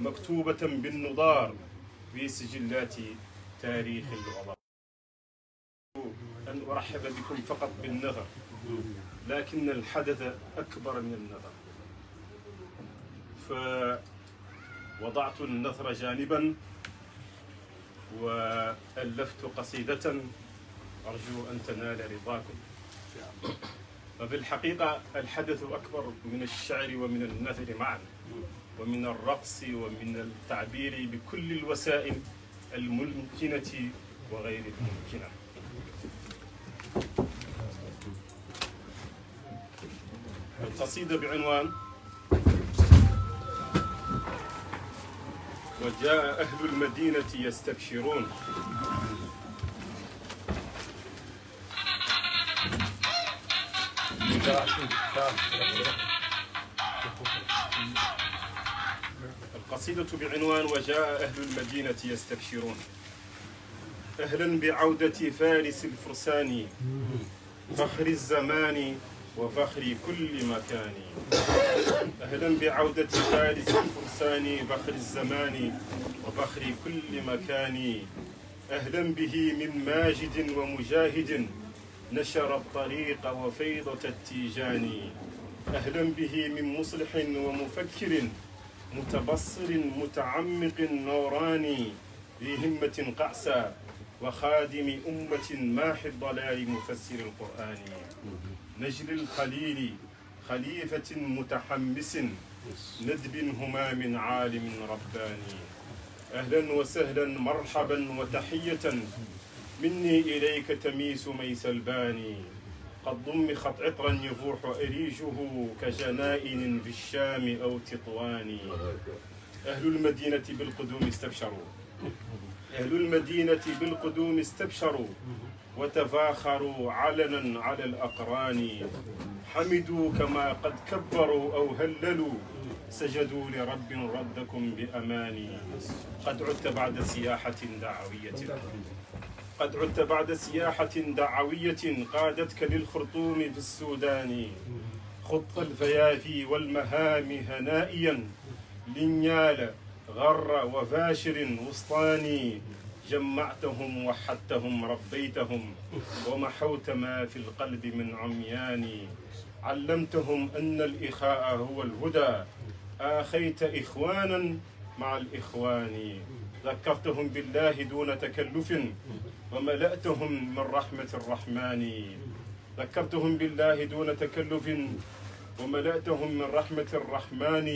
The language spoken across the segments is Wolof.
مكتوبة بالنضار في سجلات تاريخ العظام أن أرحب بكم فقط بالنظر لكن الحدث أكبر من النظر فوضعت النثر جانبا وألفت قصيدة أرجو أن تنال رضاكم فبالحقيقة الحدث أكبر من الشعر ومن النثر معا wa min alraqsi wa min altaabiri bi kulli alwasail almumkinati wa gayri almumkina القصيدة بعنوان وجاء أهل المدينة يستبشرون Thank you. القصيدة بعنوان وجاء أهل المدينة يستبشرون أهلا بعودة فارس الفرسان فخر الزمان وفخر كل مكان أهلا بعودة فارس الفرسان فخر الزمان وفخر كل مكان أهلا به من ماجد ومجاهد نشر الطريق وفيضة التيجان أهلا به من مصلح ومفكر متبصر متعمق نوراني ذي همة قعسى وخادم أمة ماح الضلال مفسر القرآن نجل الخليل خليفة متحمس ندب همام عالم رباني أهلا وسهلا مرحبا وتحية مني إليك تميس ميس الباني قد ضمخت عطرا يفوح أريجه كجنائن في الشام أو تطوان أهل المدينة بالقدوم استبشروا أهل المدينة بالقدوم استبشروا وتفاخروا علنا على الأقران حمدوا كما قد كبروا أو هللوا سجدوا لرب ردكم بأماني قد عدت بعد سياحة دعوية قد عدت بعد سياحة دعوية قادتك للخرطوم في السودان خط الفيافي والمهام هنائيا لنيال غر وفاشر وسطاني جمعتهم وحدتهم ربيتهم ومحوت ما في القلب من عميان علمتهم أن الإخاء هو الهدى آخيت إخوانا مع الإخوان ذكرتهم بالله دون تكلف وملأتهم من رحمة الرحمن ذكرتهم بالله دون تكلف وملأتهم من رحمة الرحمن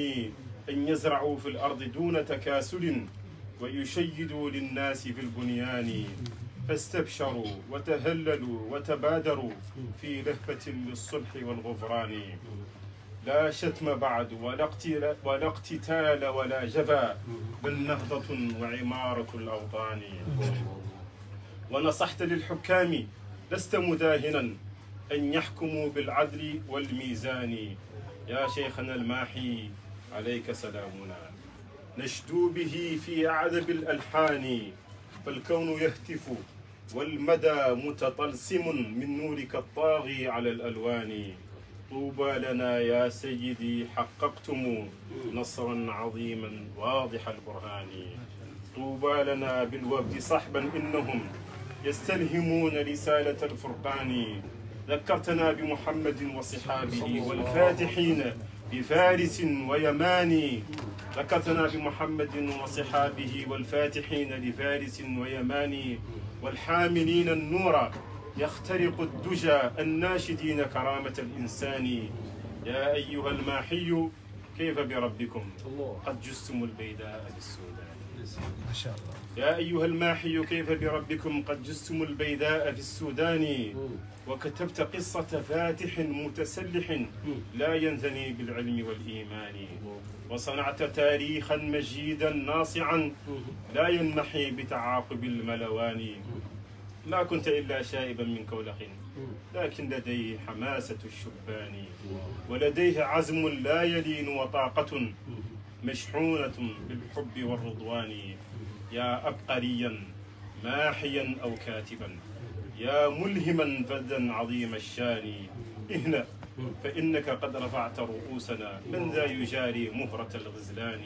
أن يزرعوا في الأرض دون تكاسل ويشيدوا للناس في البنيان فاستبشروا وتهللوا وتبادروا في لهفة للصلح والغفران لا شتم بعد ولا اقتتال ولا جفا بل نهضة وعمارة الأوطان ونصحت للحكام لست مداهنا أن يحكموا بالعدل والميزان يا شيخنا الماحي عليك سلامنا نشدو به في عذب الألحان فالكون يهتف والمدى متطلسم من نورك الطاغي على الألوان طوبى لنا يا سيدي حققتم نصرا عظيما واضح البرهان طوبى لنا بالوفد صحبا إنهم يستلهمون رسالة الفرقان ذكرتنا بمحمد وصحابه والفاتحين بفارس ويمان ذكرتنا بمحمد وصحابه والفاتحين لفارس ويمان والحاملين النور يخترق الدجى الناشدين كرامة الإنسان يا أيها الماحي كيف بربكم قد جستم البيداء بالسوداء ما شاء الله يا أيها الماحي كيف بربكم قد جزتم البيداء في السودان وكتبت قصة فاتح متسلح لا ينثني بالعلم والإيمان وصنعت تاريخا مجيدا ناصعا لا ينمحي بتعاقب الملوان ما كنت إلا شائبا من كولخ لكن لديه حماسة الشبان ولديه عزم لا يلين وطاقة مشحونة بالحب والرضوان يا أبقريا ماحيا أو كاتبا يا ملهما فردا عظيم الشان اهنا فإنك قد رفعت رؤوسنا من ذا يجاري مهرة الغزلان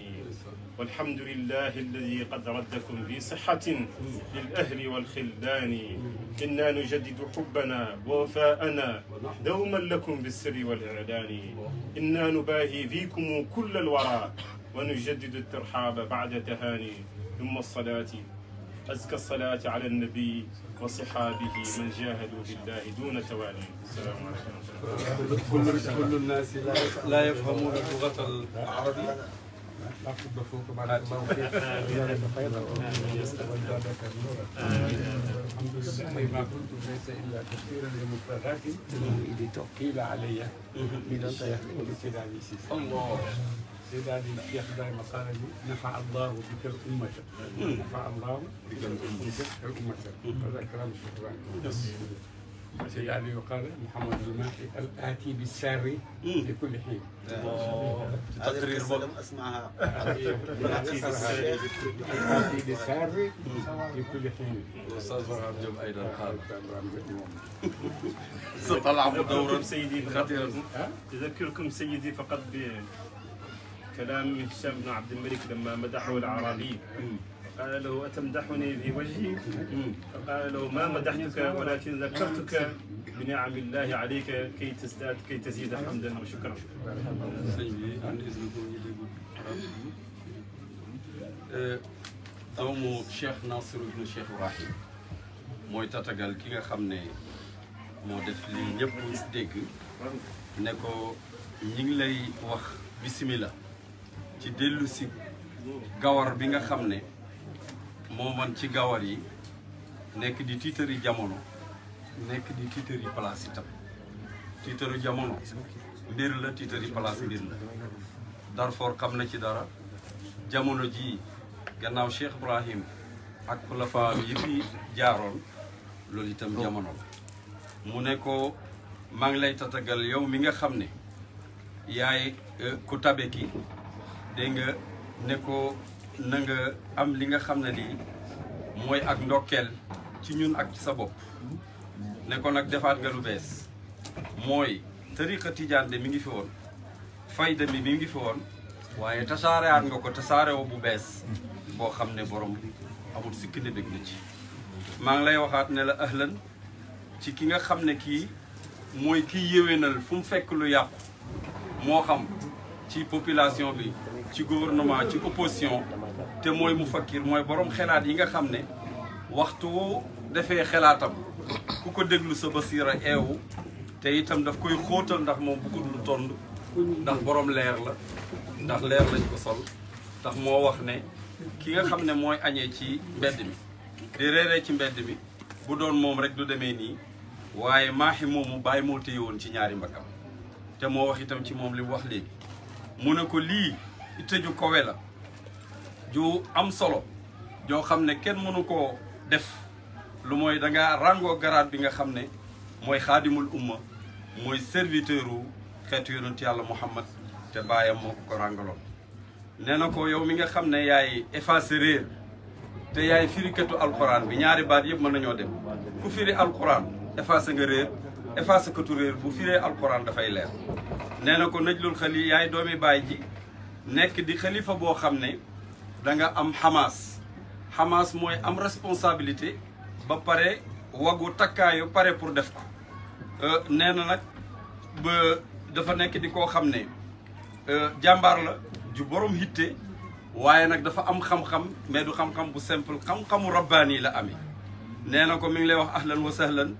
والحمد لله الذي قد ردكم في صحة للأهل والخلان إنا نجدد حبنا ووفاءنا دوما لكم بالسر والإعلان إنا نباهي فيكم كل الورى ونجدد الترحاب بعد تهاني ثم الصلاة أزكى الصلاة على النبي وصحابه من جاهدوا بالله دون توالي السلام عليكم كل كل الناس لا يفهمون اللغة العربية ما كنت ليس الا تفسيرا لمفرغات لتقيل علي من الله day daal di jeex daay ma saare bi nafa allahu bi kal ummata nafa allahu bi kal ummata وذكر شكرا وسيعني يقال محمد الماحي الآتي بالسر لكل حين تقرير أسمعها الآتي بالسر الآتي بالسر لكل حين الأستاذ فرحان جم أيضا قال ستلعب دورا سيدي خطيرا تذكركم سيدي فقط ب كلام هشام بن عبد الملك لما مدحه العربي قال له أتمدحني في وجهي؟ فقال له ما مدحتك ولكن ذكرتك بنعم الله عليك كي تزداد كي تزيد حمدا وشكرا. doomu Cheikh Nasiru ibnu Cheikh Ibrahim mooy tatagal ki nga xam ne moo def li ñëpp dégg ne ko ñi ngi lay wax bismillah ci dellu gawar bi nga xam ne moo man ci gawar yi nekk di tiitari jamono nekk di tiitari place itam tiitaru jamono mbir la tiitari place mbir la Darfour xam na ci dara jamono jii gannaaw Cheikh Ibrahim ak xulafa yi fi jaaroon loolu itam jamono la mu ne ko maa ngi lay tatagal yow mi nga xam ne yaay eh, ku tabe ki dégg nga ne ko nanga am li nga xam ne lii mooy ak ndokkeel ci ñun ak sa bopp ne ko nag defaat nga lu bees mooy tariqa tijaan de mi ngi fi woon fayda mi mi ngi fi woon waaye tasaareaat nga ko tasaarewo bu bees boo xam ne borom amul sikki ne dégg na ci maa ngi lay waxaat ne la ahlan ci ki nga xam ne kii mooy kiy yéwénal fu fekk lu yàqu moo xam ci population bi ci gouvernement ci opposition te mooy mu fakkir mooy borom xelaat yi nga xam ne waxtu defee xelaatam ku ko déglu sa basiira eewu te itam daf koy xóotal ndax moom bu ko tond ndax borom leer la ndax leer lañ ko sol ndax moo wax ne ki nga xam ne mooy añee ci mbedd bi di reeree ci mbedd bi bu doon moom rek du demee nii waaye maaxi mu bàyyi moo téye woon ci ñaari mbagam te moo wax itam ci moom li mu wax léegi mu ne ko lii itte ju kowe la ju am solo joo xam ne kenn mënu koo def lu mooy da nga ràngoo garaat bi nga xam ne mooy xaadimul umma mooy serviteur u xeetu yonent yàlla Muhammad te baayam moo ko ko ràngaloon nee na ko yow mi nga xam ne yaay effacé réer te yaay al alquran bi ñaari baat yëpp mën nañoo dem ku firi alquran effacé nga réer effacé katu réer bu firee alquran dafay leer nee na ko najlul xali yaay doomi baay ji nekk di xalifa boo xam ne danga am xamaas xamaas mooy am responsabilité ba pare wagu takkaayu pare pour def ko euh, nee na nag ba dafa nekk di koo xam ne euh, jàmbaar la ju borom hitte waaye nag dafa am xam-xam mais du xam-xam bu simple xam-xamu rabbaani la amee nee na ko mi ngi lay wax ahlan wa sahlan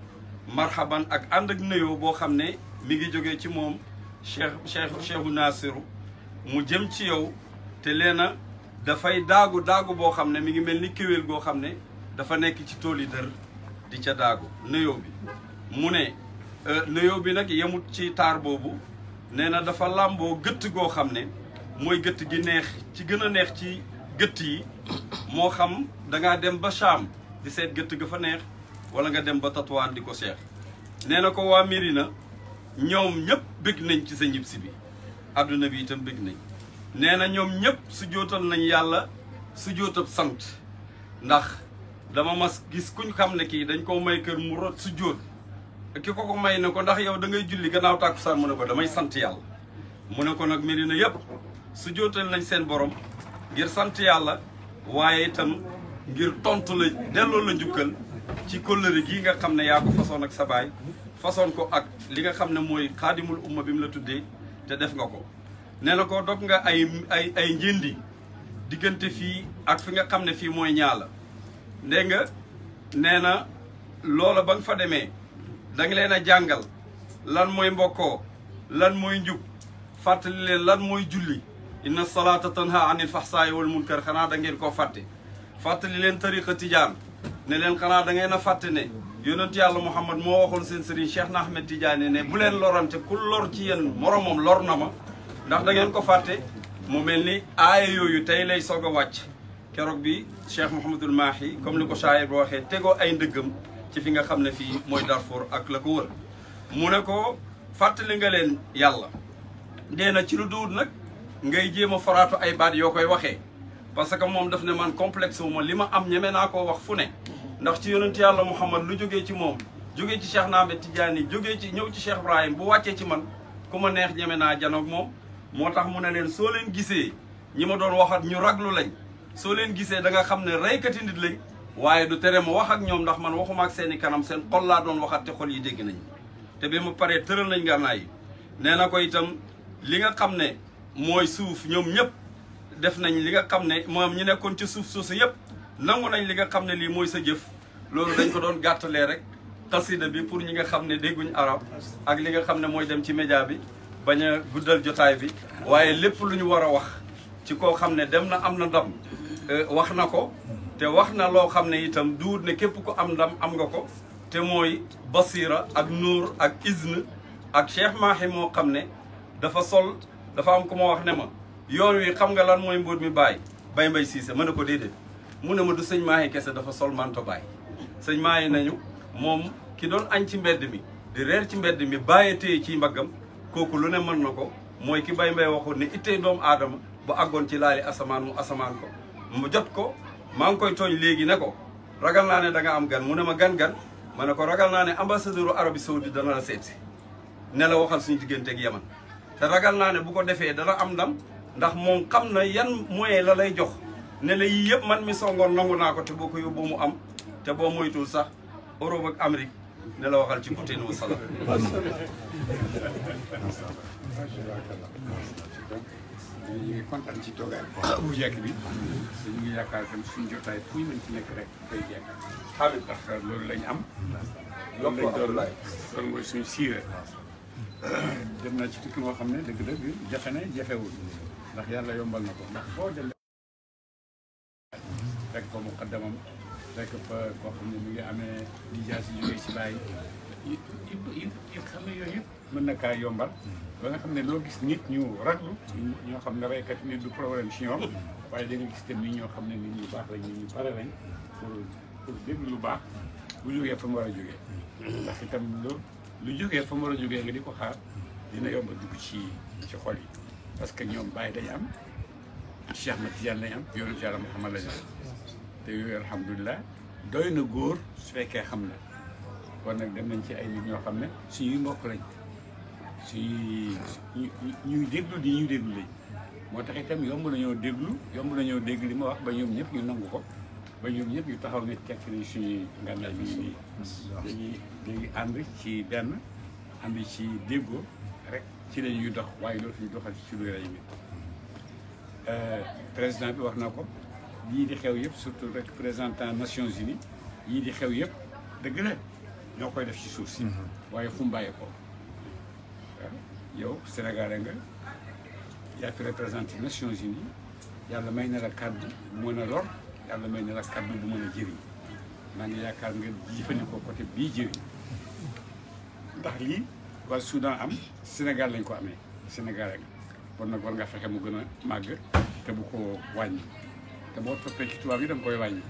marhaban ak ànd ak nuyoo boo xam ne mi ngi jógee ci moom cheikh cheikh cheikhu Naasiru mu jëm ci yow te lee na dafay daagu daagu boo xam ne mi ngi mel ni kéwél goo xam ne dafa nekk ci tool yi dër di ca daagu nuyoo bi mu ne euh, nuyoo bi nag yemut ci taar boobu nee na dafa làmboo gëtt goo xam ne mooy gëtt gi neex ci gën a neex ci gëtt yi moo xam dangaa dem ba Cham di seet gëtt ga fa neex wala nga dem ba Tatouane di ko seex nee na ko waa Mirina ñoom ñëpp bëgg nañ ci sa ñibbisi bi àdduna bi itam bég nañ nee na ñoom ñëpp su jootal nañ yàlla su jootab sant ndax dama mas gis kuñ xam ne kii dañ koo may kër mu rot su joot ki ko ko may ne ko ndax yow da ngay julli gannaaw tàkkusaan mu ne ko damay sant yàlla mu ne ko nag Medina yëpp su jootal nañ seen borom ngir sant yàlla waaye itam ngir tontu la delloo la njukkal ci kóllëre gi nga xam ne yaa ko façon ak sa baay façon ko ak li nga xam ne mooy xaadimul umma bi mu la tuddee te def nga ko nee na ko dog nga ay ay ay njëndi diggante fii ak fi nga xam ne fii mooy ñaala ndég nga nee na loola ba nga fa demee da leen a jàngal lan mooy mbokkoo lan mooy njub fàttali leen lan mooy julli inna salaata tanha anil fahsaayi wal munkar xanaa da ngeen koo fàtte fàttali leen tariqa tijaan ne leen xanaa da ngeen a fàtte ne yonent yàlla Muhammad moo waxoon seen sëriñ Cheikh na Ahmed Tidiane ne bu leen lorante ku lor ci yéen moromam lor na ma ndax da ngeen ko fàtte mu mel ni aaya yooyu tey lay soog a wàcc keroog bi Cheikh Mouhamadul Mahi comme ni ko shaayir ba waxee tegoo ay ndëggam ci fi nga xam ne fii mooy Darfour ak la ko wër mu ne ko fàttali nga leen yàlla dee na ci lu duut nag ngay jéem a faraatu ay baat yoo koy waxee parce que moom daf ne man complexe wu ma li ma am ñeme naa koo wax fu ne ndax ci yonent yàlla Muhammad lu jógee ci moom jóge ci Cheikh Ahmed Tidiane jógee ci ñëw ci Cheikh Ibrahim bu wàccee ci man ku ma neex ñeme naa janoog moom moo tax mu ne leen soo leen gisee ñi ma doon waxat ñu raglu lañ soo leen gisee da nga xam ne reykati nit lañ waaye du tere ma wax ak ñoom ndax man waxuma ak seeni kanam seen xol laa doon waxat te xol yi dégg nañu te bi ma paree tëral nañ gànnaay yi nee na ko itam li nga xam ne mooy suuf ñoom ñëpp def nañ li nga xam ne moom ñu nekkoon ci suuf soosu yëpp nangu nañ li nga xam ne lii mooy sa jëf loolu dañ ko doon gàttalee rek xasida bi pour ñi nga xam ne dégguñ arab ak li nga xam ne mooy dem ci média bi bañ a guddal jotaay bi waaye lépp lu ñu war a wax ci koo xam ne dem na am na ndam euh, wax na ko te wax na loo xam ne itam duut ne képp ko am ndam am nga ko te mooy basira ak nuur ak izn ak Cheikh Mahi moo xam ne dafa sol dafa am ku ma wax ne ma yoon wi xam nga lan mooy mbóot mi bàyyi bay mbay siise mën na ko déedéet mu ne ma du sëñ Mahi kese dafa sol manto baay sëñ Mahi nañu moom ki doon añ ci mbedd mi di reer ci mbedd mi bàyyee téye ciy mbaggam kooku lu ne mën na ko mooy ki bay mbay waxoon ne ittee doomu aadama bu àggoon ci laali asamaan mu asamaan ko mu jot ko maa ngi koy tooñ léegi ne ko ragal naa ne da nga am gan mu ne ma gan-gan ma ne ko ragal naa ne ambassadeur Arabie Saoudite dana la seet si ne la waxal suñu diggante ak Yaman te ragal naa ne bu ko defee dana am ndam ndax moom xam na yan moyen la lay jox ne la yii yëpp man mi songoon nangu naa ko te boo ko yóbbu mu am te boo moytul sax Europe ak Amérique ne la waxal ci Poutine wa salaam ñu ngi kontaan ci toogaay bu jekk ah, bi ñu yaakaar itam suñu jotaay fu ñu mën ci nekk rek day jekk xamit ndax loolu lañu am loolu lañ doon laaj loolu mooy suñu siire dem naa ci tukki moo xam ne dëgg-dëgg jafe na jafewul ndax yàlla yombal na ko fekk ko muqaddamam fekk fa koo xam ne mu ngi amee lijaas yi jógee si bàyyi yooyu mën na kaa yombal ba nga xam ne loo gis nit ñu raglu ñoo xam ne reykat nit du problème si ñoom waaye da nga gis tamit ñoo xam ne nit ñu baax lañ ñu pare lañ pour pour lu baax bu jógee fa mu war a jógee ndax itam lu lu jógee fa mu war a jógee nga di ko xaar dina yomb a dugg ci ci xol yi parce que ñoom bàyyi dañ am Cheikh Ahmad Tidiane lañ am yoonu Yàlla Muhammad lañ am te yooyu alhamdulilah doy na góor su fekkee xam ne kon nag dem nañ ci ay nit ñoo xam ne suñuy mbokk lañ suñuy ñuy déglu di ñuy déglu lañ moo tax itam yomb nañoo déglu yomb nañoo dégg li ma wax ba ñoom ñëpp ñu nangu ko ba ñoom ñëpp ñu taxaw ne tekk ni suñuy ngànnaay bi ñu nii dañuy léegi ànd ci benn ànd ci déggoo rek ci lañuy dox waaye loolu dootuñu doxal ci lu rëy bi président bi wax na ko lii di xew yëpp surtout représentant Nations Unies yii di xew yëpp dëgg la ñoo koy def ci suuf si. Mhm. waaye fu mu bàyyee ko eh, yow Sénégalais nga yaa fi représenté Nations Unies yàlla may na la kàddu bu mën a lor yàlla may na la kàddu bu mën a jëriñ maa ngi yaakaar nga jëfandikoo côté bii jëriñ ndax lii waa Soudan am Sénégal lañ ko amee Sénégal rek bon nag war nga fexe mu gën a màgg te bu ko wàññi. te boo toppee ci tubaab yi da nga koy wàññi.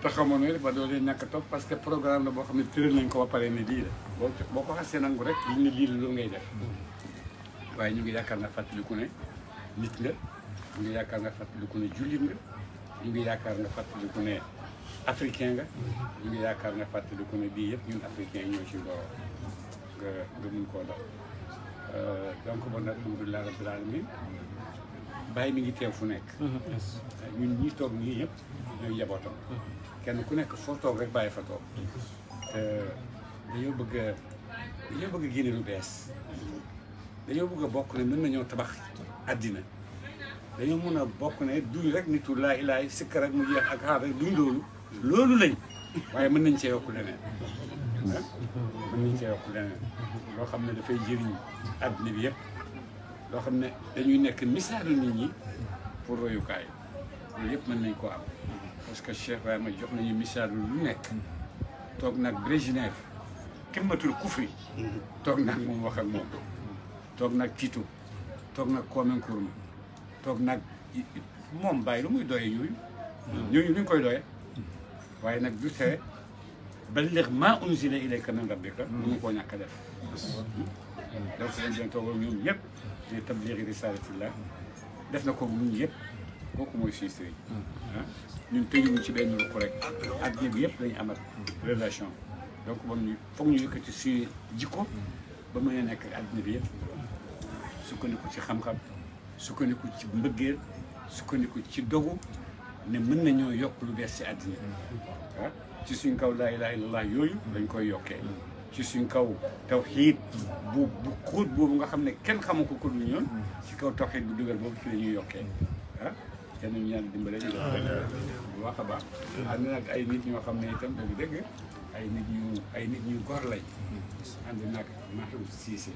te xamoon ne ba doo dee ñàkk topp parce que programme la boo xam ne tëral nañ ko ba pare ne lii la boo boo ko xasee nangu rek liñ ne lii la loolu ngay def waaye ñu ngi yaakaar na fàttaliku ne nit nga ñu ngi yaakaar nga fàttaliku ne jullit nga ngi yaakaar nga fàttaliku ne africain nga ñu ngi yaakaar nga fàttaliku ne bii yëpp ñun africain ñoo ci mbooloo nga nga mun koo dal euh, donc bon alhamdulilah rabbil alamin bàyyi mi ngi teew fu nekk. ñun ñi toog ñii ñëpp ñooy njabootam. kenn ku nekk foo toog rek bàyyi fa toog. dañoo bëgg dañoo bëgg génne lu bees. dañoo bëgg a bokk ne mën nañoo tabax àddina. dañoo mën a bokk ne duñ rek nitu laay ilaay sikk rek mu jeex ak xaar rek duñ loolu. loolu lañ waaye mën nañ cee yokk leneen. mën nañ cee yokk leneen. loo xam ne dafay jëriñ àddina bi yëpp. loo xam ne dañuy nekk misaalu nit ñi pour royukaay loolu yëpp mën nañ ko am parce que Cheikh ma jox nañu misaalu lu nekk toog nag Brejnev ximmatul kufri toog nag moom wax ak moom toog nag Tito toog nag Kwame Nkrumah toog nag moom bàyyi lu muy doye ñooñu ñu luñ koy doye waaye nag du tere balligh maa unzila ilayka min rabbika mu ngi koo ñàkk a def donc dañ toogal ñoom ñëpp te tabliigi risaalatillah def na ko ñun yëpp kooku mooy suñu sëriñ ah ñun tëjuñu ci benn rukk rek adduna bi yëpp dañu amat relation donc moom ñu foog ñu yëkkati suñu jikko ba mën a nekk adduna bi yëpp sukkandiku ci xam-xam sukkandiku ci mbëggeel sukkandiku ci dogu ne mën na nañoo yokk lu bees ci adduna ah, ci suñ kaw laa ilaaha illallaah yooyu dañ koy yokkee ci suñ kaw tawxiid bu bu boobu nga xam ne kenn xamu ko ku dul ñoon ci kaw tawxiid bu dugal boobu ci la ñuy yokkee ah kenn ñu ñaan dimbale ñu bu baax a baax ànd nag ay nit ñoo xam ne itam dëgg dëgg ay nit ñu ay nit ñu gor lañ ànd nag Mahou Cissé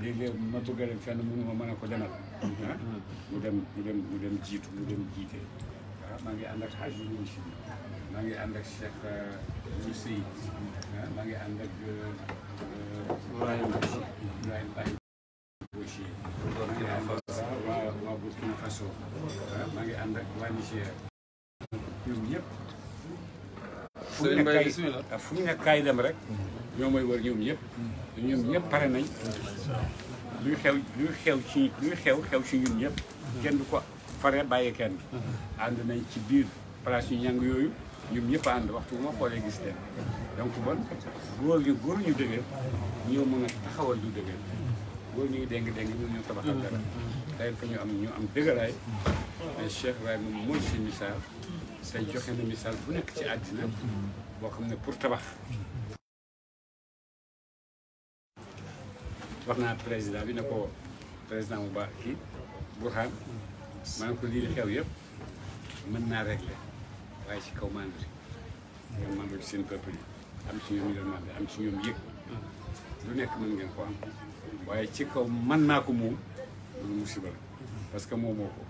léeg-léeg ma bëgg dem fenn mënu ma mën a ko demal ah, mu dem mu dem mu jiitu mu dem jiite ah, maa ngi ànd ak xaaj bu ñu si maa ngi ànd ak Cheikh Moussa euh, ah, yi maa ngi ànd ak euh, euh, waa Burkina Faso ah, maa ngi ànd ak waa Niger ñoom ñëpp fu ñu nekkaay ah, fu dem rek ñoo may wër ñoom ñëpp ñoom ñëpp pare nañ luy xew luy xew ci luy xew xew ci ñun ñëpp kenn du ko fare bàyyi kenn ànd nañ ci biir place yu ñàng yooyu ñoom ñëpp ànd waxtu bu ma xoolee gis leen donc bon góor ñu góor ñu dëgër ñoo mën a taxawal ñu dëgër góor ñuy déng déng ñu ñu tabaxal dara day fa ñu am ñu am dëgëraay mais Cheikh waaye moom mooy seen misaal say joxe na misaal bu nekk ci àddina boo xam ne pour tabax wax naa président bi ne ko président bu baax kii Bourkhane maa ngi ko lii di xew yépp mën naa régler waaye ci kaw maandu si ngeen maandu si seen peuple am si ñoom yërmande am si ñoom yëg lu nekk mën ngeen ko am waaye ci kaw man naa ko moom loolu musiba la parce que moom moo ko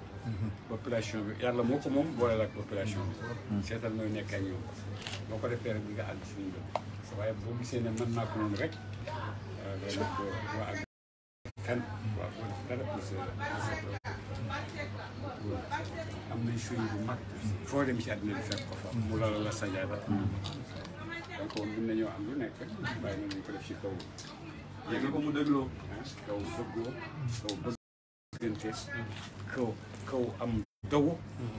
population bi yàlla moo ko moom boole la ak population bi seetal nooy nekk ak ñoom boo ko defee rek di nga àgg si ñu waaye boo gisee ne mën naa ko moom rek euh, am nañ suñ bu mag foo dem ci àddina bi fekk ko fa mu lala la sajaada hmm. donc mën nañoo am lu nekk waaye mën ko def ci kaw yéegi ko mu dégloo ah, kaw bëggoo kaw am dogu hmm.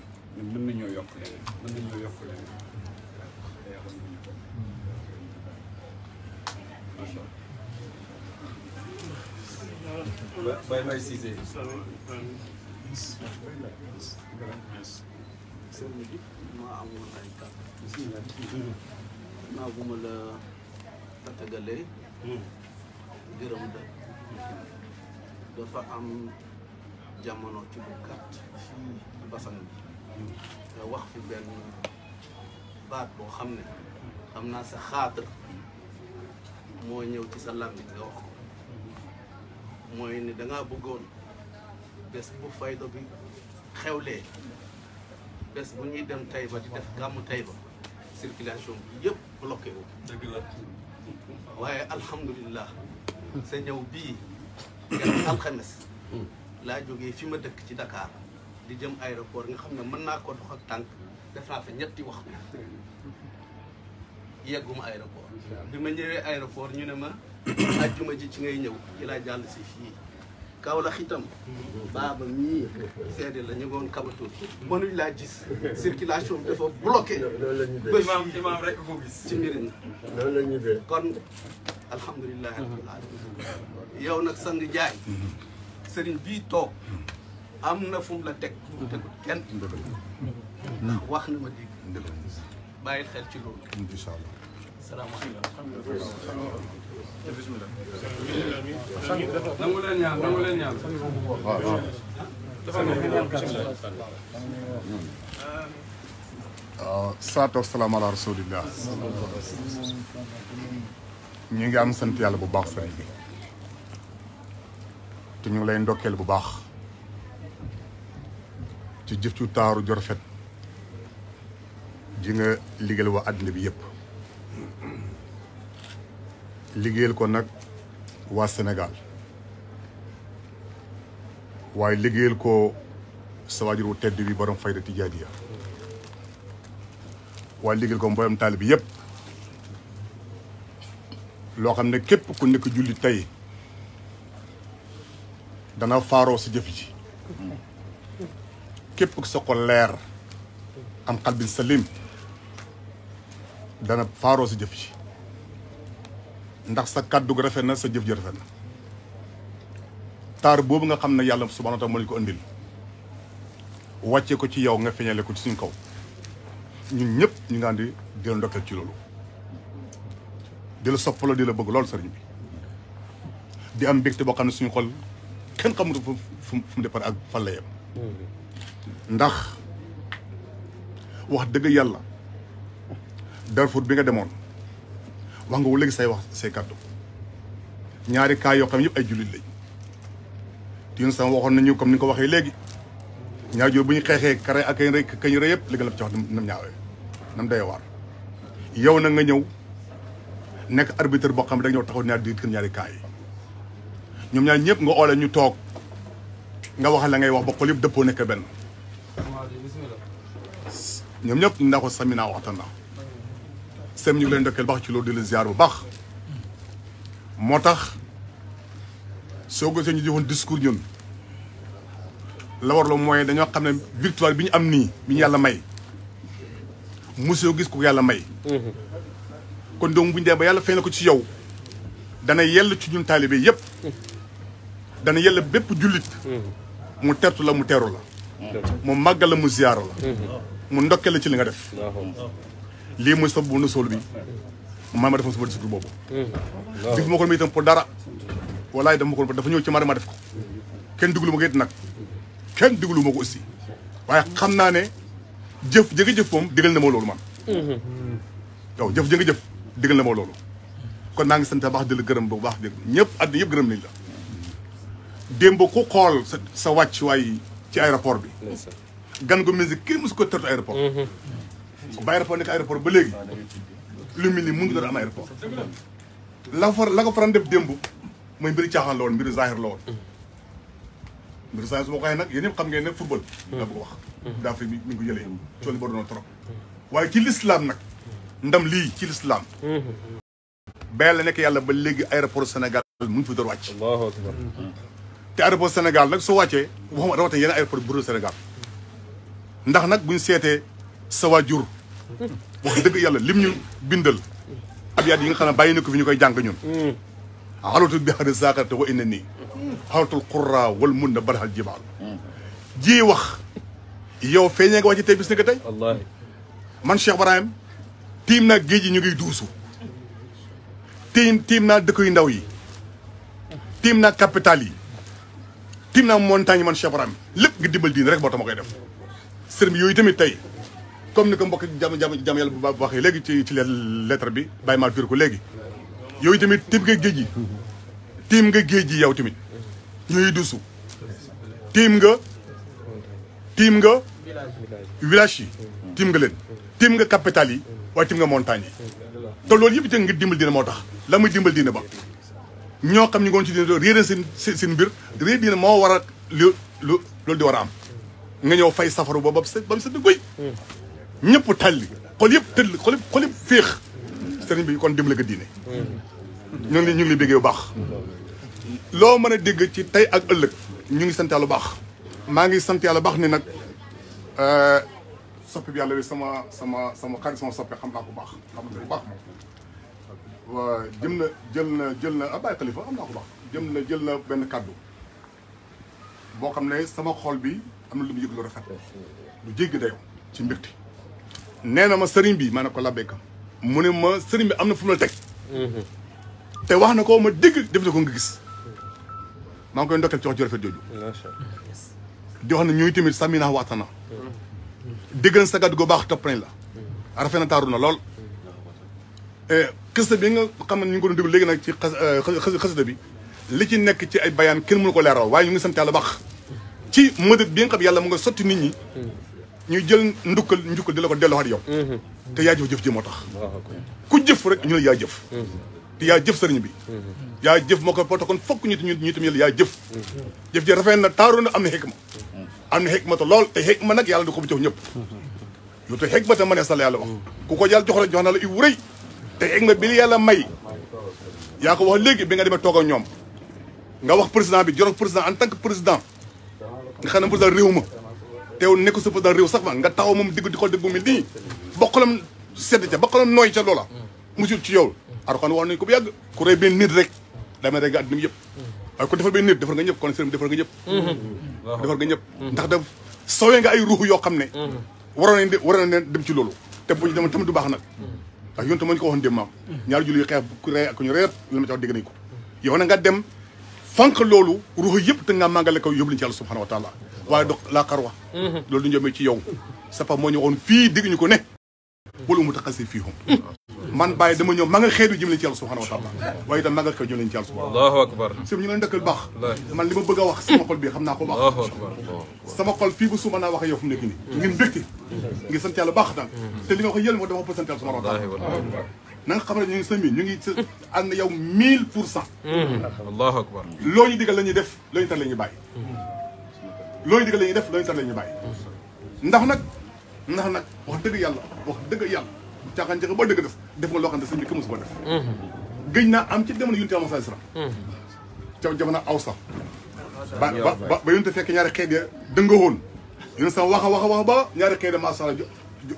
mën nañoo yokk leneen mën nañoo yokk leneen Baye Baye Cissé sëñ bi maa amoon ay kàddu. bisimilah. bu ma la tàggatalee. gërëm da dafa am jamono ci bu gàtt basan bi. nga wax fi benn baat boo xam ne. xam naa sa xaatir moo ñëw ci sa làmmiñ nga wax ko. mooy ne dangaa bëggoon. bés bu fayda bi xewlee bés bu ñuy dem Taïba di def gàmmu Taïba circulation bi yëpp bloqué wu. dëgg la waaye alhamdulilah sa ñëw bii ngeen alxames laa jógee fi ma dëkk ci Dakar di jëm aéroport nga xam ne mën naa ko dox ak tànk def fa ñetti wax waxtu yegguma aéroport bi ma ñëwee aéroport ñu ne ma àjjuma ji ci ngay ñëw ci laa jàll si fii Kaolack itam baaba ñii seede la ñu ngoon kabatul mënuñ laa gis circulation bi dafa bloqué ba imaam imaam rek ko gis ci mbiri loolu la kon alhamdulilah rabbil yow nag sang jaay sëriñ bii toog am na fu la teg tegul kenn ndax wax na ma dégg bàyyil xel ci loolu incha allah salaamaaleykum bismillah nangu leen ñaan ñu ngi am sant yàlla bu baax sëriñ bi te ñu ngi lay ndokkeel bu baax ci jëf ju taaru jorfet ji nga liggéeyal waa àddina bi yëpp liggéeyal ko nag waa Sénégal waaye liggéeyal ko sa waajur wu tedd bi borom fayda tijaaniya waaye liggéeyal ko mboolem taalibe bi yëpp loo xam ne képp ku nekk julli tey dana faaroo si jëf ji képp ku sa ko leer am xalbin salim dana faaroo si jëf ji ndax sa kàddu gu rafet na sa jëf ji rafet na taar boobu nga xam ne yàlla subhaanahu wa taala moo ñu ko indil wàcce ko ci yow nga feeñale ko ci suñ kaw ñun ñëpp ñu ngi di di la ndokkeel ci loolu di la sopp di la bëgg loolu sëriñ bi di am mbégte boo xam ne suñu xol kenn xamutu fu fu mu départ ak fan la yem ndax wax dëgg yàlla Darfour bi nga demoon wax nga wu léegi say wax say kàddu ñaari cas yoo xam yëpp ay jullit lañ diin sama waxoon nañu comme ni ko waxee léegi ñaar jur bu ñu xeexee kare ak kañ rey kañ yëpp li nga la ci wax nam ñaawee nam day waar yow na nga ñëw nekk arbitre boo xam ne da nga ñëw taxaw ñaari ñaari cas yi ñoom ñaar ñëpp nga oole ñu toog nga wax la ngay wax ba xol yëpp dëppoo nekk benn ñoom ñëpp ndax ko sami naa waxtaan naa sem ñu ngi leen ndokkeel baax ci loolu di la ziar bu baax moo tax soo gisee ñu defoon discours ñun la warloo mooy dañoo xam ne victoire bi ñu am nii bi ñu yàlla may mosoo gis ko yàlla may mm-hmm. kon donc bu ñu dee ba yàlla fay na ko ci yow dana yell ci ñun taalibe yëpp mm-hmm. dana yell bépp jullit mm-hmm. mu tertu la mu teeru la mu màggal la mu ziaaro la mu ndokkee la ci li nga def lii mooy sob bu nu sol bi maa ma defoon sama discours boobu dif ma ko itam pour dara walaay dama ko dafa ñëw ci ma def ko kenn déglu ma ko it nag kenn diglu ma ko aussi waaye xam naa ne jëf jënga jëf moom digal na ma loolu man yow jëf jënga jëf digal na ma loolu kon naa ngi sant baax di gërëm bu baax dégg ñëpp àddina yëpp gërëm nañ la démb ku xool sa sa wàcc waay ci aéroport bi gan go musique kenn mosu ko tertu aéroport mm-hmm. ba aéroport nekk aéroport ba léegi lu mel ni mënu la fa la ko faran def démb mooy mbiru caaxaan la woon mbiru zahir la woon mbiru zahir su ko waxee nag yéen ñëpp xam ngeen ne football la hmm. bëgg wax hmm. daa fi ngi ko jëlee hmm. cooli boo doon trop waaye ci l'islam nag ndam lii ci l'islam ba la nekk yàlla ba léegi aéroport Sénégal mu ngi fi door wàcc te aéroport Sénégal nag soo wàccee waxuma rawatina yeneen aéroport bu Sénégal ndax nag buñ seetee sa waajur wax dëgg yàlla lim ñu bindal abyaat yi nga xam ne bàyyi na ko fi ñu koy jàng ñun xalatul bi xari saakarte wa inna nii xalatul qurra wal mun na baraxal jibaal ji wax yow feeñee nga wax ci tey bis ni ko tey man Cheikh Ibrahim tiim naa géej yi ñu ngiy duusu tiim naa dëkk yu ndaw yi tiim naa capital yi tiim naa montagne man Cheikh Ibrahim lépp nga dimbal diin rek moo tax koy def sëriñ bi yooyu tamit tey comme ni ko mbokk jam jam jam yàlla bu waxee léegi ci ci lettre bi bàyyi ma firi ko léegi yooyu tamit tiim nga géej gi tiim nga géej gi yow tamit ñooy dusu tiim nga tim nga village yi tiim nga leen tiim nga capital yi waaye tiim nga montagne yi te loolu yëpp te ngir dimbal diina moo tax la muy dimbal diina ba ñoo xam ñu ngoon ci diina réer seen seen mbir réer diina moo war a lu lu loolu di war a am nga ñëw fay safaru ba ba mu sa ba mu sa ñëpp tàlli xol yëpp tëll xol yëpp xol yëpp féex sëriñ bi kon dimbale ko diine ñu ngi ñu bu baax loo mën a dégg ci tey ak ëllëg ñu ngi sant yàlla bu baax maa ngi sant yàlla baax ni nag euh, soppi bi yàlla bi sama sama sama xarit sama soppi xam naa ko baax xam baax moom jëm na jël na jël na Abaye ah, Khalifa xam jëm na jël na benn kàddu boo xam ne sama xol bi am na lu mu yëg lu rafet lu jéggi dayoo ci mbirti nee na ma sëriñ bi ma ne ko labbe ka mu ne ma sëriñ bi am na fu mu la teg. Mm-hmm. te wax na ko ma dégg def na ko nga gis. maa ngi koy ndokkal ci wax ju rafet jooju. di wax tamit sami naa waxtaan na. Mm-hmm. dégg baax topp nañ la. Mm-hmm. rafet na taaru na lool. Eh, xasida bi nga xam ne ñu ko doon léegi nag ci eh, xasida bi li ci nekk ci ay bayaan kenn mënu ko leeral waaye ñu ngi sant yàlla baax ci mëdët bi xam yàlla mu nga sotti nit ñi. ñuy jël ndukkal njukkal di la ko delloowaat yow mhm. te yaa jëf jëf moo tax ku jëf rek ñu ne yaa jëf mhm. te yaa jëf sëriñ bi mhm. yaa jëf moo ko porte kon fokk ñu ñu tam yàlla yaa jëf jëf ji rafet na taaru na am na am na xikma lool te xikma yàlla du ko bu ñëpp yow te ma te mënee sa la yàlla wax ku ko yàlla jox la jox na la i wurëy te xikma bi yàlla may yaa ko wax léegi bi nga demee toog ak ñoom nga wax président bi jorog président en tant que président nga xam ne président réew ma teewul nekk suppa réew sax ma nga taxaw moom diggu di xool diggu mel nii bokkalam sedd ca bokkalam nooy ca loola musul ci yow arxoon wax nañu ko bu yàgg ku rey benn nit rek damay rey nga àddina yëpp waaye ku defal benn nit defal nga ñëpp kon sëriñ defal nga ndax daf sowee nga ay ruux yoo xam ne waroon nañ waroon nañ dem ci loolu te buñu dem tamit du baax nag ndax yoon tamit ko waxoon démb maam ñaari julli yu ku rey ak ku ñu reyat yoon ma ci wax dégg nañ ko yow na nga de fànq loolu ruux yëpp te nga ko yóbbu ci yàlla subhanahu waaye dox laakar wa loolu du ñu ci yow sapa moo ñu waxoon fii dégg ñu ko ne bul umu taxasi fii hum man bàyyi dama ma nga xeetu jëm leen ci yàlla subhanahu wa taala ma nga xew jëm leen ci yàlla subhanahu allahu akbar sim ñu leen dëkkal baax man li ma bëgg a wax sama xol bi xam naa ko baax sama xol fii bu suma naa wax yow fu mu nekk nii ngeen mbégte ngir sant yàlla baax daal te li nga wax yël moo dama ko sant yàlla subhanahu wa taala na nga xam ne ñu ngi sami ñu ngi ànd yow mille pour cent allahu loo ñu digal la ñuy def loo ñu tax la looy digal la ñuy def looy tar la ñuy bàyyi ndax nag ndax nag wax dëgg yàlla wax dëgg yàlla caaxaan jaxe boo dëgg def def nga loo ko def gëj naa am ci jamono yunte ama sali sara ca jamono aw sax ba ba ba yunte fekk ñaari xeet ya dëngawoon yun sa wax a wax a wax ba ñaari xeet ya masala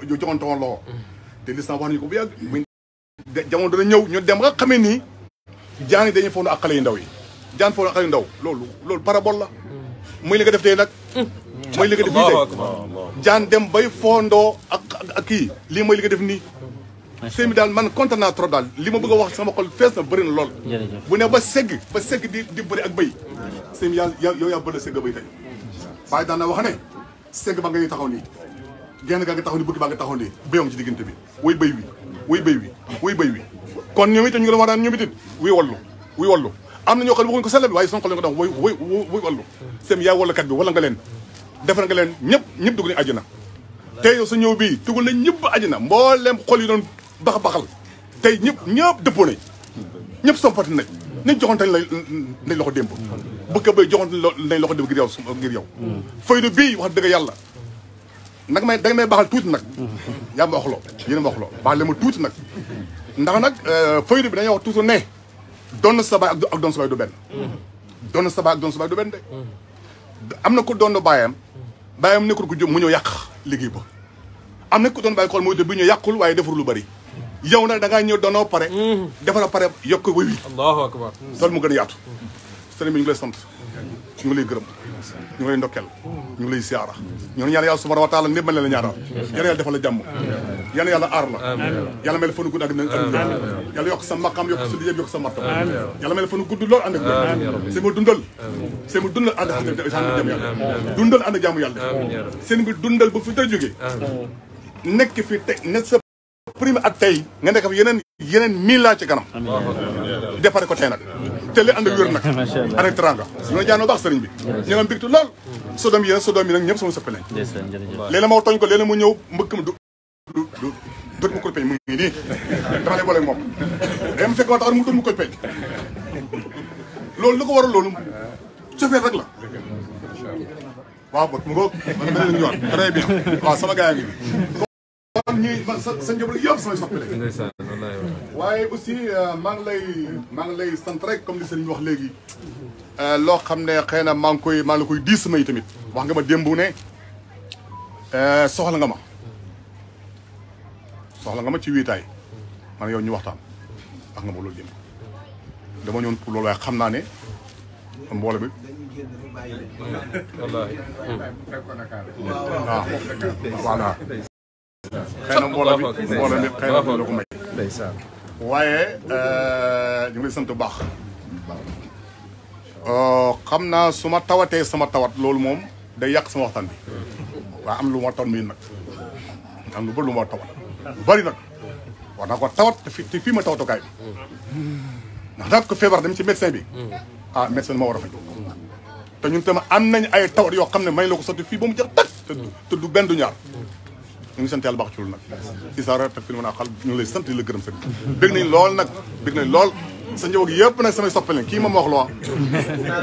joxoon tawoon lowo te li san wax nañu ko bu yàgg bu jamono dana ñëw ñu dem nga xamee nii jaan yi dañuy foog ak xale yu ndaw yi jaan foog ak xale yu loolu loolu parabole la muy li def tey nag. mooy li nga def nii tey jaan dem bay foondoo ak ak kii lii mooy li nga def nii. sëñ daal man kontaan naa trop daal li ma bëgg a wax sama xol fees na bëri na lool. bu ne ba segg ba segg di di bëri ak béy. sëñ bi yàlla yow yaa bëri segg béy tey. waaye daan naa wax ne segg ba nga ñuy taxaw nii. genn gaa nga taxaw nii bukki ba nga taxaw nii béyoon ci diggante bi woy béy wi woy béy wi woy béy wi. kon ñoom itam ñu ngi la wax daan ñoom itam wuy wallu wuy am na ñoo xam ne waxuñu ko sell bi waaye Sonko lañu ko doon woy wallu seen yaay wala bi wala nga leen defar nga leen ñëpp ñëpp dugg nañu àjjana tey yow sa ñëw bii dugg nañ ñëpp ba àjjana mboolem xol yi doon bax baxal tey ñëpp ñëpp dëppoo nañ ñëpp sompati nañ nañ joxante nañ loxo démb bëgg bay joxante nañ loxo démb ngir yow ngir yow faydu bii wax dëgg yàlla nag may da nga may baaxal tuuti nag yaa ma waxloo yéen ma waxloo baax le ma tuuti nag ndax nag euh, faydu bi dañuy wax toujours ne doon sa baay ak doon sa baay du benn. doon sa baay ak doon sa du benn de. am na ku doon baayam. baayam nekkul ku jub mu ñëw yàq liggéey ba. am na ku doon baay xool mooy bi ñu yàqul waaye defur lu bari. yow nag da ngaa ñëw doonoo pare. defara pare yokk wuy wi. allahu akbar. loolu mu gën a yaatu. sëriñ bi ñu ngi lay sant. ñu ngi gërëm. ñu ngi lay ndokkeel ñu ngi lay siyaara ñoonu ñaan yàlla subhanahu wa taala népp mën la ñaaral yal yàlla defal la jàmm yal yàlla aar la yàlla may la fanu gudd ak yokk sa maqam yokk sa liggéey yokk sa martaba yàlla may la fanu gudd lool ànd ak ma dundal seen ma dundal ànd ak jàmm yàlla dundal ànd ak yàlla seen bi dundal ba fi dara jógee nekk fi teg ne sa prime ak tey nga nekk fi yeneen yeneen mille laa ci kanam defare ko tey télé ànd ak wér nag ànd ak teranga ñoo jaanoo baax sëriñ bi ñu nga mbégte lool so doom yi so doom yi nag ñëpp sama sëppe lañ léeg-léeg ma tooñ ko léeg-léeg mu ñëw mbëkk mu du du dut mu koy peñ mu ngi nii dama lay boole moom day ma fekk ma taxar mu dut mu koy peñ loolu li ko waral loolu cofeel rek la waaw bot mu ngoog man beneen ñu ñëwaat très bien waaw sama gars yi ngi kon ñi man sa sa njaboot yëpp samay soppale waaye aussi euh, maa ngi lay maa lay sant rek comme li sëñ bi wax léegi euh, loo xam ne xëy na maa ngi koy maa ngi la koy diis samay tamit wax nga ma démb ne euh, soxla nga ma soxla nga ma ci wiitaay man yow ñu waxtaan wax nga ma loolu démb dama ñëwoon pour loolu waaye xam naa ne mbooloo bi wallaahi waaw waaye euh, ñu ngi sant bu baax euh, xam naa su ma tawatee sama tawat loolu moom day yàq sama waxtaan bi waaye am lu ma tawat miin nag am lu bëri lu ma tawat lu bëri nag war naa ko tawat te fi te fii ma tawatukaay bi ndax nag ko feebar dem ci médecin bi ah médecin bi ma war a faj te ñun tamit am nañ ay tawat yoo xam ne may la ko sotti fii ba mu jeex tag te du benn du ñaar ñu ngi sant yàlla baax ci loolu nag. si saa rafet fi mu mën a xal ñu ngi lay sant di la gërëm sëñ bi. bëgg nañ lool nag bëgg nañ lool. sa njaboot gi yëpp nag samay soppe leen kii moom wax loo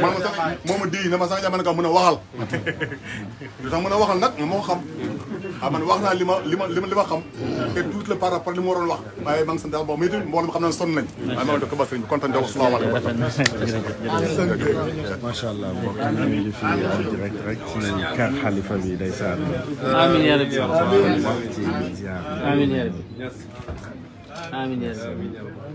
man ma sax moo ma di na ma sax jàmm ne ko mën a waxal lu tax mën a waxal nag moo xam ah man wax naa li ma li ma li ma xam te tuuti la par rapport li ma waroon wax waaye maa ngi sant daal mbooloo mi itam mbooloo mi xam naa sonn nañ waaye maa ngi dëkk ba sëriñ bi kontaan di wax salaamaaleykum macha allah mbokk yi ñu ngi fi direct rek ci kër xalifa bi day saar amiin yaa rabbi amiin yaa rabbi amiin yaa rabbi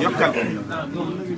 Yok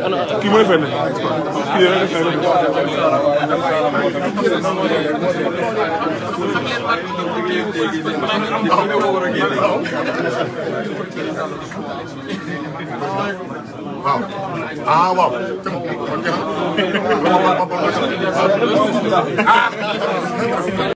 kii mooy fenn